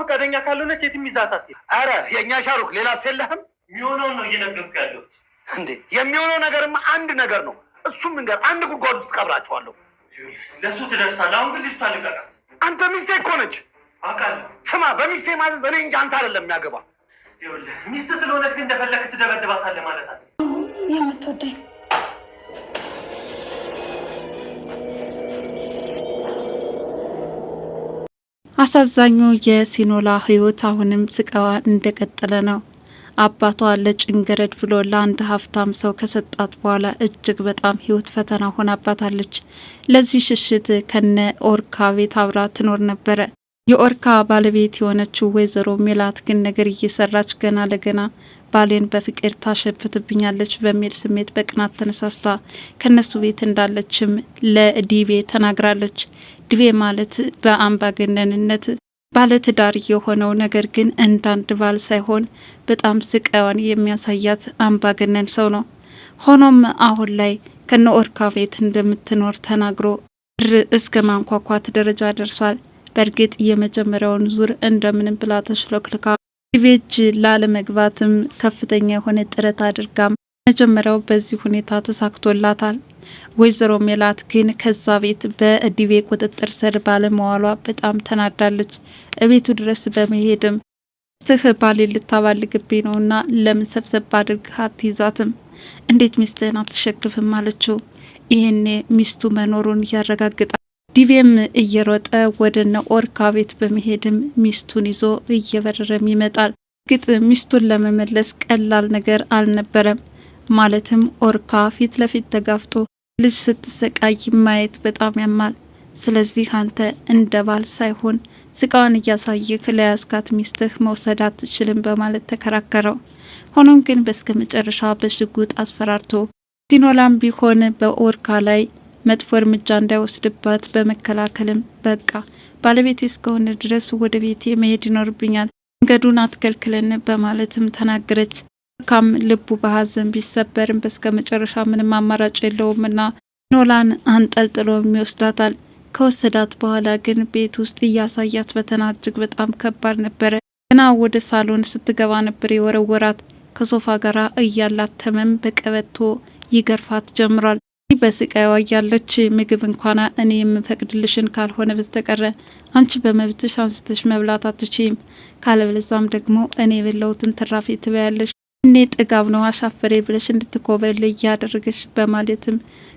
ፈቃደኛ ካልሆነች የትም ይዛታት። አረ የእኛ ሻሩክ ሌላ ሴለህም የሚሆነውን ነው እየነገርኩ ያለሁት። እንዴ የሚሆነው ነገርማ አንድ ነገር ነው። እሱም ነገር አንድ ጉድጓድ ውስጥ ቀብራቸዋለሁ። ለእሱ ትደርሳለህ። አሁን ግን ልጅቷ ልቀቃት። አንተ ሚስቴ እኮ ነች። አውቃለሁ። ስማ በሚስቴ ማዘዝ እኔ እንጂ አንተ አይደለም የሚያገባ። ሚስት ስለሆነች ግን እንደፈለግህ ትደበድባታለህ ማለት አለ የምትወደኝ አሳዛኙ የሲኖላ ህይወት አሁንም ስቃዋ እንደቀጠለ ነው። አባቷ ለጭንገረድ ብሎ ለአንድ ሀብታም ሰው ከሰጣት በኋላ እጅግ በጣም ህይወት ፈተና ሆናባታለች። ለዚህ ሽሽት ከነ ኦርካ ቤት አብራ ትኖር ነበረ። የኦርካ ባለቤት የሆነችው ወይዘሮ ሜላት ግን ነገር እየሰራች ገና ለገና ባሌን በፍቅር ታሸፍትብኛለች በሚል ስሜት በቅናት ተነሳስታ ከነሱ ቤት እንዳለችም ለዲቤ ተናግራለች። ዲቤ ማለት በአምባገነንነት ባለትዳር የሆነው ነገር ግን እንዳንድ ባል ሳይሆን በጣም ስቃዋን የሚያሳያት አምባገነን ሰው ነው። ሆኖም አሁን ላይ ከነ ኦርካ ቤት እንደምትኖር ተናግሮ ር እስከ ማንኳኳት ደረጃ ደርሷል። በእርግጥ የመጀመሪያውን ዙር እንደምንም ብላ ተሽሎክልካ ሊቬጅ ላለመግባትም ከፍተኛ የሆነ ጥረት አድርጋም መጀመሪያው በዚህ ሁኔታ ተሳክቶላታል። ወይዘሮ ሜላት ግን ከዛ ቤት በዲቤ ቁጥጥር ስር ባለመዋሏ በጣም ተናዳለች። እቤቱ ድረስ በመሄድም ትህ ባሌ ልታባልግብኝ ነውና ለምን ሰብሰብ አድርገህ አትይዛትም? እንዴት ሚስትህን አትሸክፍም? አለችው። ይህኔ ሚስቱ መኖሩን ያረጋግጣል። ዲቬም እየሮጠ ወደ ነኦርካ ቤት በመሄድም ሚስቱን ይዞ እየበረረም ይመጣል። ግጥ ሚስቱን ለመመለስ ቀላል ነገር አልነበረም። ማለትም ኦርካ ፊት ለፊት ተጋፍጦ ልጅ ስትሰቃይ ማየት በጣም ያማል። ስለዚህ አንተ እንደ ባል ሳይሆን ስቃዋን እያሳየህ ለያስካት ሚስትህ መውሰድ አትችልም በማለት ተከራከረው። ሆኖም ግን በስከ መጨረሻ በሽጉጥ አስፈራርቶ ዲኖላም ቢሆን በኦርካ ላይ መጥፎ እርምጃ እንዳይወስድባት በመከላከልም በቃ ባለቤቴ እስከሆነ ድረስ ወደ ቤቴ መሄድ ይኖርብኛል፣ መንገዱን አትከልክለን በማለትም ተናገረች። ካም ልቡ በሀዘን ቢሰበርም በስከ መጨረሻ ምንም አማራጭ የለውምና ኖላን አንጠልጥሎ ይወስዳታል። ከወሰዳት በኋላ ግን ቤት ውስጥ እያሳያት ፈተና እጅግ በጣም ከባድ ነበረ። ግና ወደ ሳሎን ስትገባ ነበር የወረወራት። ከሶፋ ጋር እያላተመም በቀበቶ ይገርፋት ጀምሯል። በስቃይዋ ያለች ምግብ እንኳን እኔ የምፈቅድልሽን ካልሆነ በስተቀረ አንቺ በመብትሽ አንስተሽ መብላት አትችም፣ ካለበለዛም ደግሞ እኔ የበላሁትን ትራፊ ትበያለሽ። እኔ ጥጋብ ነው አሻፈሬ ብለሽ እንድትኮበል እያደረገች በማለትም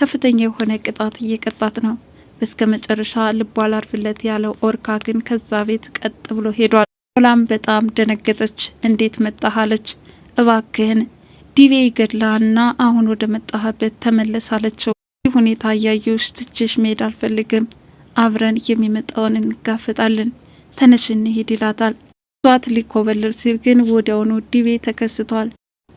ከፍተኛ የሆነ ቅጣት እየቀጣት ነው። እስከ መጨረሻ ልቧ አላርፍለት ያለው ኦርካ ግን ከዛ ቤት ቀጥ ብሎ ሄዷል። ሆላም በጣም ደነገጠች። እንዴት መጣሃለች? እባክህን ዲቤ ይገድላና አሁን ወደ መጣህበት ተመለስ አለችው። ይህ ሁኔታ እያየሁሽ ትችሽ መሄድ አልፈልግም፣ አብረን የሚመጣውን እንጋፈጣለን፣ ተነሽ እንሂድ ይላታል። ሷት ሊኮበልል ሲል ግን ወዲያውኑ ዲቤ ተከስቷል።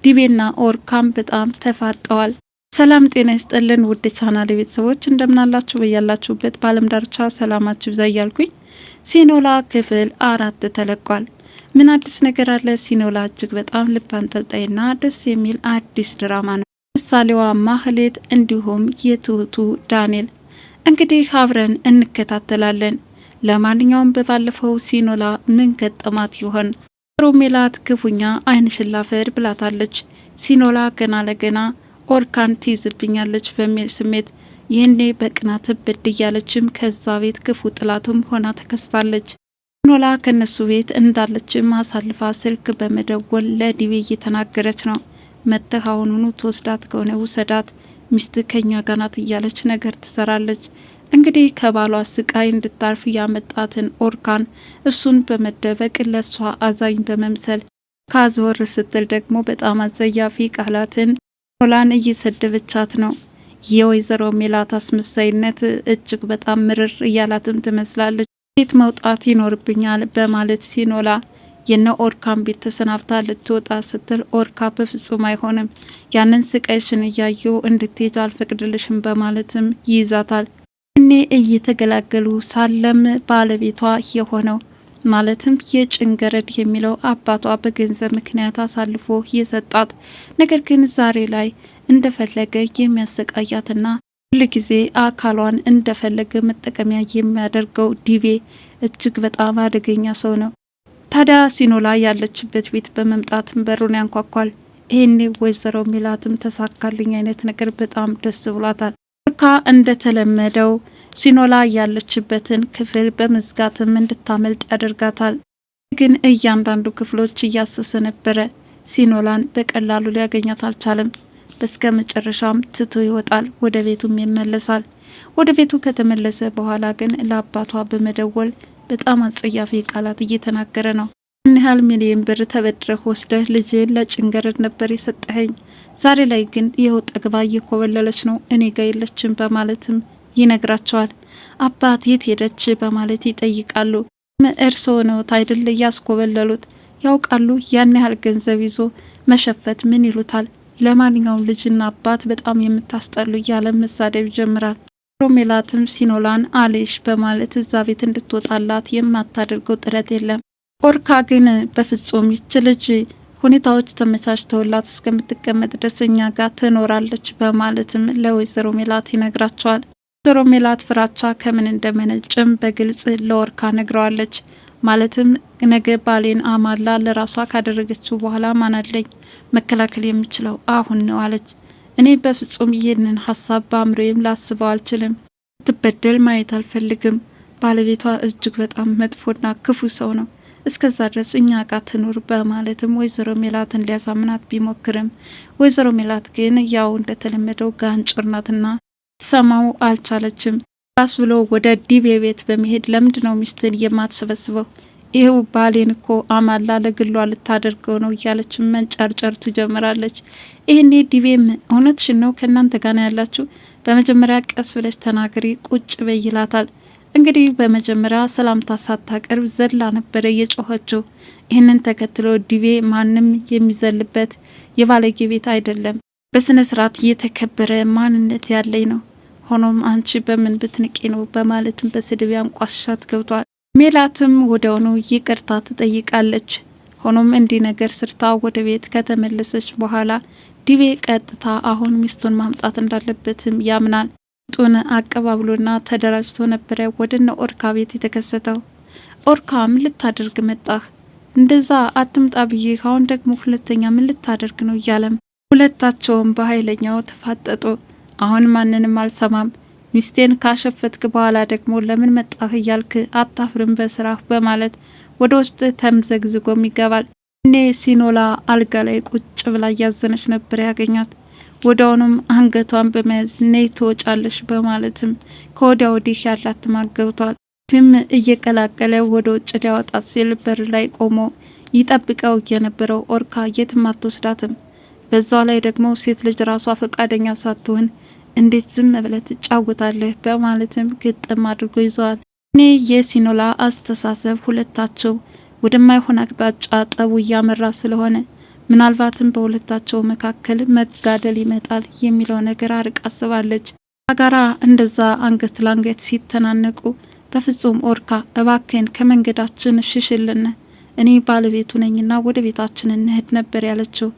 ዲቤና ኦርካም በጣም ተፋጠዋል። ሰላም ጤና ይስጠልን ውድ ቻናል ቤተሰቦች እንደምናላችሁ በያላችሁበት በአለም ዳርቻ ሰላማችሁ ይብዛ እያልኩኝ ሲኖላ ክፍል አራት ተለቋል። ምን አዲስ ነገር አለ ሲኖላ እጅግ በጣም ልብ አንጠልጣይና ደስ የሚል አዲስ ድራማ ነው። ምሳሌዋ ማህሌት እንዲሁም የትሁቱ ዳንኤል እንግዲህ አብረን እንከታተላለን። ለማንኛውም በባለፈው ሲኖላ ምን ገጠማት ይሆን? ሮሜላት ክፉኛ አይንሽላፈር ብላታለች። ሲኖላ ገና ለገና ኦርካን ትይዝብኛለች በሚል ስሜት ይህኔ በቅናት ብድ እያለችም ከዛ ቤት ክፉ ጥላቱም ሆና ተከስታለች። ኖላ ከነሱ ቤት እንዳለች ማሳልፋ ስልክ በመደወል ለዲቤ እየተናገረች ነው። መጥተህ አሁኑኑ ትወስዳት ከሆነ ውሰዳት፣ ሚስት ከኛ ጋር ናት እያለች ነገር ትሰራለች። እንግዲህ ከባሏ ስቃይ እንድታርፍ ያመጣትን ኦርካን እሱን በመደበቅ ለእሷ አዛኝ በመምሰል ካዞር ስትል ደግሞ በጣም አጸያፊ ቃላትን ኖላን እየሰደበቻት ነው። የወይዘሮ ሜላት አስመሳይነት እጅግ በጣም ምርር እያላትም ትመስላለች። ቤት መውጣት ይኖርብኛል በማለት ሲኖላ የነ ኦርካን ቤት ተሰናብታ ልትወጣ ስትል ኦርካ በፍጹም አይሆንም፣ ያንን ስቃይሽን እያየሁ እንድትሄጂ አልፈቅድልሽም በማለትም ይይዛታል። እኔ እየተገላገሉ ሳለም ባለቤቷ የሆነው ማለትም የጭንገረድ የሚለው አባቷ በገንዘብ ምክንያት አሳልፎ የሰጣት ነገር ግን ዛሬ ላይ እንደፈለገ የሚያሰቃያትና ሁል ጊዜ አካሏን እንደፈለገ መጠቀሚያ የሚያደርገው ዲቬ እጅግ በጣም አደገኛ ሰው ነው። ታዲያ ሲኖላ ያለችበት ቤት በመምጣት በሩን ያንኳኳል። ይህኔ ወይዘሮ ሚላትም ተሳካልኝ አይነት ነገር በጣም ደስ ብሏታል። ቱርካ እንደተለመደው ሲኖላ ያለችበትን ክፍል በመዝጋትም እንድታመልጥ ያደርጋታል። ግን እያንዳንዱ ክፍሎች እያሰሰ ነበረ። ሲኖላን በቀላሉ ሊያገኛት አልቻለም። በስከ መጨረሻም ትቶ ይወጣል። ወደ ቤቱም ይመለሳል። ወደ ቤቱ ከተመለሰ በኋላ ግን ለአባቷ በመደወል በጣም አጸያፊ ቃላት እየተናገረ ነው። ምን ያህል ሚሊዮን ብር ተበድረህ ወስደህ ልጅን ለጭንገረድ ነበር የሰጠኸኝ። ዛሬ ላይ ግን ይኸው ጠግባ እየኮበለለች ነው፣ እኔ ጋ የለችም በማለትም ይነግራቸዋል። አባት የት ሄደች በማለት ይጠይቃሉ። እርስዎ ነዎት አይደል እያስኮበለሉት ያውቃሉ ያን ያህል ገንዘብ ይዞ መሸፈት ምን ይሉታል? ለማንኛውም ልጅና አባት በጣም የምታስጠሉ እያለ መሳደብ ይጀምራል። ሮሜላትም ሲኖላን አሌሽ በማለት እዛ ቤት እንድትወጣላት የማታደርገው ጥረት የለም። ኦርካ ግን በፍጹም ይች ልጅ ሁኔታዎች ተመቻችተውላት እስከምትቀመጥ ድረስ እኛ ጋር ትኖራለች በማለትም ለወይዘሮ ሜላት ይነግራቸዋል። ወይዘሮ ሜላት ፍራቻ ከምን እንደመነጭም በግልጽ ለኦርካ ነግረዋለች። ማለትም ነገ ባሌን አማላ ለራሷ ካደረገችው በኋላ ማናለኝ መከላከል የምችለው አሁን ነው አለች። እኔ በፍጹም ይህንን ሀሳብ በአእምሮዬም ላስበው አልችልም። ትበደል ማየት አልፈልግም። ባለቤቷ እጅግ በጣም መጥፎና ክፉ ሰው ነው። እስከዛ ድረስ እኛ ቃ ትኑር በማለትም ወይዘሮ ሜላትን ሊያሳምናት ቢሞክርም ወይዘሮ ሜላት ግን ያው እንደተለመደው ጋንጭርናትና ናትና ትሰማው አልቻለችም። ባስ ብሎ ወደ ዲቤ ቤት በመሄድ ለምንድ ነው ሚስትን የማትሰበስበው? ይህው ባሌን እኮ አማላ ለግሏ ልታደርገው ነው እያለች መንጨርጨር ትጀምራለች። ይህኔ ዲቤም እውነትሽ ነው ከእናንተ ጋና ያላችሁ በመጀመሪያ ቀስ ብለሽ ተናግሪ፣ ቁጭ በይ ይላታል። እንግዲህ በመጀመሪያ ሰላምታ ሳታቀርብ ዘላ ነበረ የጮኸችው። ይህንን ተከትሎ ዲቤ ማንም የሚዘልበት የባለጌ ቤት አይደለም፣ በስነ ስርዓት የተከበረ ማንነት ያለኝ ነው ሆኖም አንቺ በምን ብትንቂ ነው በማለትም በስድብ ያንቋሻት ገብቷል። ሜላትም ወዲያውኑ ይቅርታ ትጠይቃለች። ሆኖም እንዲህ ነገር ስርታ ወደ ቤት ከተመለሰች በኋላ ዲቤ ቀጥታ አሁን ሚስቱን ማምጣት እንዳለበትም ያምናል። ጡን አቀባብሎና ተደራጅቶ ነበረ ወደነ ኦርካ ቤት የተከሰተው። ኦርካም ልታደርግ መጣህ እንደዛ አትምጣ ብዬ አሁን ደግሞ ሁለተኛ ምን ልታደርግ ነው እያለም ሁለታቸውም በኃይለኛው ተፋጠጡ። አሁን ማንንም አልሰማም። ሚስቴን ካሸፈትክ በኋላ ደግሞ ለምን መጣህ እያልክ አታፍርም በስራህ በማለት ወደ ውስጥ ተምዘግዝጎም ይገባል። እኔ ሲኖላ አልጋ ላይ ቁጭ ብላ እያዘነች ነበር ያገኛት። ወዲያውኑም አንገቷን በመያዝ ነይ ትወጫለሽ በማለትም ከወዲያ ወዲህ ያላት ማገብቷል። ፊም እየቀላቀለ ወደ ውጭ ሊያወጣት ሲል በር ላይ ቆሞ ይጠብቀው የነበረው ኦርካ የትም አትወስዳትም በዛ ላይ ደግሞ ሴት ልጅ ራሷ ፈቃደኛ ሳትሆን እንዴት ዝም ብለህ ትጫወታለህ በማለትም ግጥም አድርጎ ይዘዋል። እኔ የሲኖላ አስተሳሰብ ሁለታቸው ወደማይሆን አቅጣጫ ጠቡ እያመራ ስለሆነ ምናልባትም በሁለታቸው መካከል መጋደል ይመጣል የሚለው ነገር አርቅ አስባለች። አጋራ እንደዛ አንገት ላንገት ሲተናነቁ በፍጹም ኦርካ እባክን ከመንገዳችን ሽሽልን እኔ ባለቤቱ ነኝና ወደ ቤታችን እንሄድ ነበር ያለችው።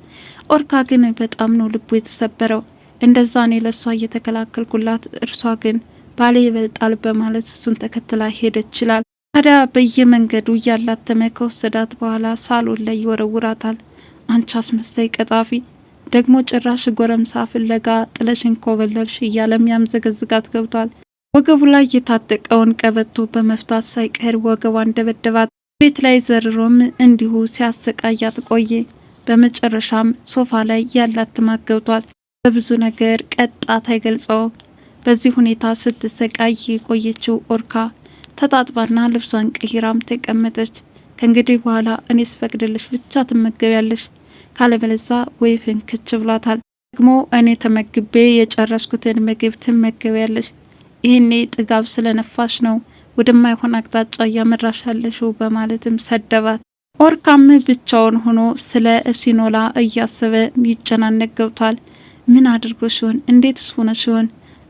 ኦርካ ግን በጣም ነው ልቡ የተሰበረው። እንደዛ እኔ ለእሷ እየተከላከልኩላት፣ እርሷ ግን ባሌ ይበልጣል በማለት እሱን ተከትላ ሄደ ይችላል። ታዲያ በየመንገዱ እያላተመ ከወሰዳት በኋላ ሳሎን ላይ ይወረውራታል። አንቺ አስመሳይ ቀጣፊ ደግሞ ጭራሽ ጎረምሳ ፍለጋ ጥለሽን ኮበለልሽ እያለም ያምዘገዝጋት ገብቷል። ወገቡ ላይ የታጠቀውን ቀበቶ በመፍታት ሳይቀር ወገቧን ደበደባት። ቤት ላይ ዘርሮም እንዲሁ ሲያሰቃያት ቆየ። በመጨረሻም ሶፋ ላይ ያላት ትማት በብዙ ነገር ቀጣት አይገልጸው በዚህ ሁኔታ ስትሰቃይ የቆየችው ኦርካ ተጣጥባና ልብሷን ቀይራም ተቀመጠች። ከእንግዲህ በኋላ እኔ ስፈቅድልሽ ብቻ ትመገቢያለሽ፣ ካለበለዛ ወይ ፍንክች ብሏታል። ደግሞ እኔ ተመግቤ የጨረስኩትን ምግብ ትመገቢያለሽ፣ ይህኔ ጥጋብ ስለነፋሽ ነው ወደማይሆን አቅጣጫ እያመራሽ በማለትም ሰደባት። ኦርካም ብቻውን ሆኖ ስለ ሲኖላ እያሰበ ይጨናነቅ ገብቷል። ምን አድርጎ ሲሆን እንዴትስ ሆነ ሲሆን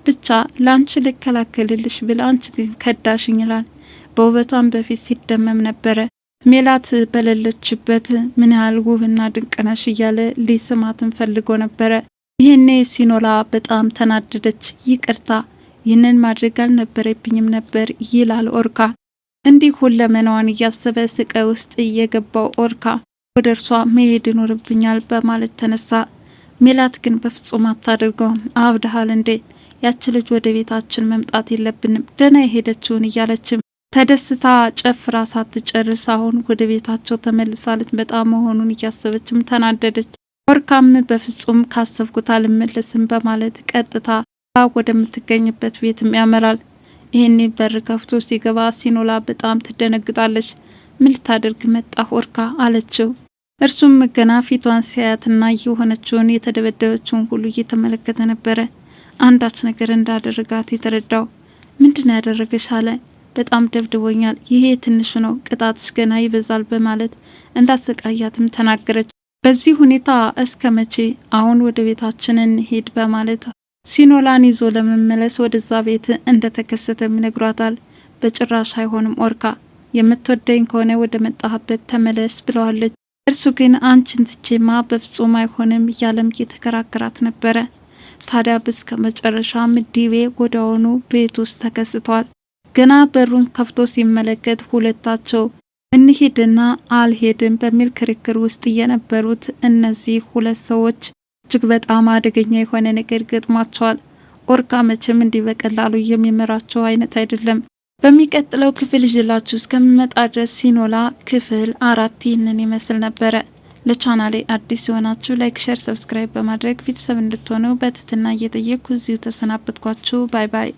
ብቻ ለአንቺ ልከላከልልሽ ብል አንቺ ግን ከዳሽኝ ይላል። በውበቷን በፊት ሲደመም ነበረ። ሜላት በሌለችበት ምን ያህል ውብና ድንቅ ነሽ እያለ ሊስማትን ፈልጎ ነበረ። ይህኔ ሲኖላ በጣም ተናደደች። ይቅርታ ይህንን ማድረግ አልነበረብኝም ነበር ይላል ኦርካ። እንዲህ ሁለመናዋን እያሰበ ስቃይ ውስጥ የገባው ኦርካ ወደ እርሷ መሄድ ይኖርብኛል በማለት ተነሳ። ሜላት ግን በፍጹም አታደርገውም። አብድሃል እንዴ ያች ልጅ ወደ ቤታችን መምጣት የለብንም ደህና የሄደችውን እያለችም ተደስታ ጨፍራ ሳትጨርስ አሁን ወደ ቤታቸው ተመልሳለች። በጣም መሆኑን እያሰበችም ተናደደች። ወርካም በፍጹም ካሰብኩት አልመለስም በማለት ቀጥታ ወደምትገኝበት ቤትም ያመራል። ይህኔ በር ከፍቶ ሲገባ ሲኖላ በጣም ትደነግጣለች። ምን ልታደርግ መጣሁ ወርካ አለችው። እርሱም ገና ፊቷን ሲያያትና የሆነችውን የተደበደበችውን ሁሉ እየተመለከተ ነበረ። አንዳች ነገር እንዳደረጋት የተረዳው ምንድን ያደረገሽ አለ። በጣም ደብድቦኛል፣ ይሄ ትንሹ ነው፣ ቅጣትሽ ገና ይበዛል በማለት እንዳሰቃያትም ተናገረች። በዚህ ሁኔታ እስከ መቼ አሁን ወደ ቤታችን እንሄድ በማለት ሲኖላን ይዞ ለመመለስ ወደዛ ቤት እንደተከሰተም ይነግሯታል። በጭራሽ አይሆንም ኦርካ፣ የምትወደኝ ከሆነ ወደ መጣህበት ተመለስ ብለዋለች። እርሱ ግን አንቺን ትቼማ በፍጹም አይሆንም እያለም እየተከራከራት ነበረ። ታዲያ እስከ መጨረሻ ምድቤ ወዲያውኑ ቤት ውስጥ ተከስቷል። ገና በሩን ከፍቶ ሲመለከት ሁለታቸው እንሄድና አልሄድም በሚል ክርክር ውስጥ የነበሩት እነዚህ ሁለት ሰዎች እጅግ በጣም አደገኛ የሆነ ነገር ገጥሟቸዋል። ኦርካ መቼም እንዲህ በቀላሉ የሚመራቸው አይነት አይደለም። በሚቀጥለው ክፍል ይዤላችሁ እስከምመጣ ድረስ ሲኖላ ክፍል አራት ይህንን ይመስል ነበረ። ለቻናሌ አዲስ የሆናችሁ ላይክ፣ ሸር፣ ሰብስክራይብ በማድረግ ቤተሰብ እንድትሆኑ በትህትና እየጠየቅኩ እዚሁ ተሰናበትኳችሁ። ባይ ባይ።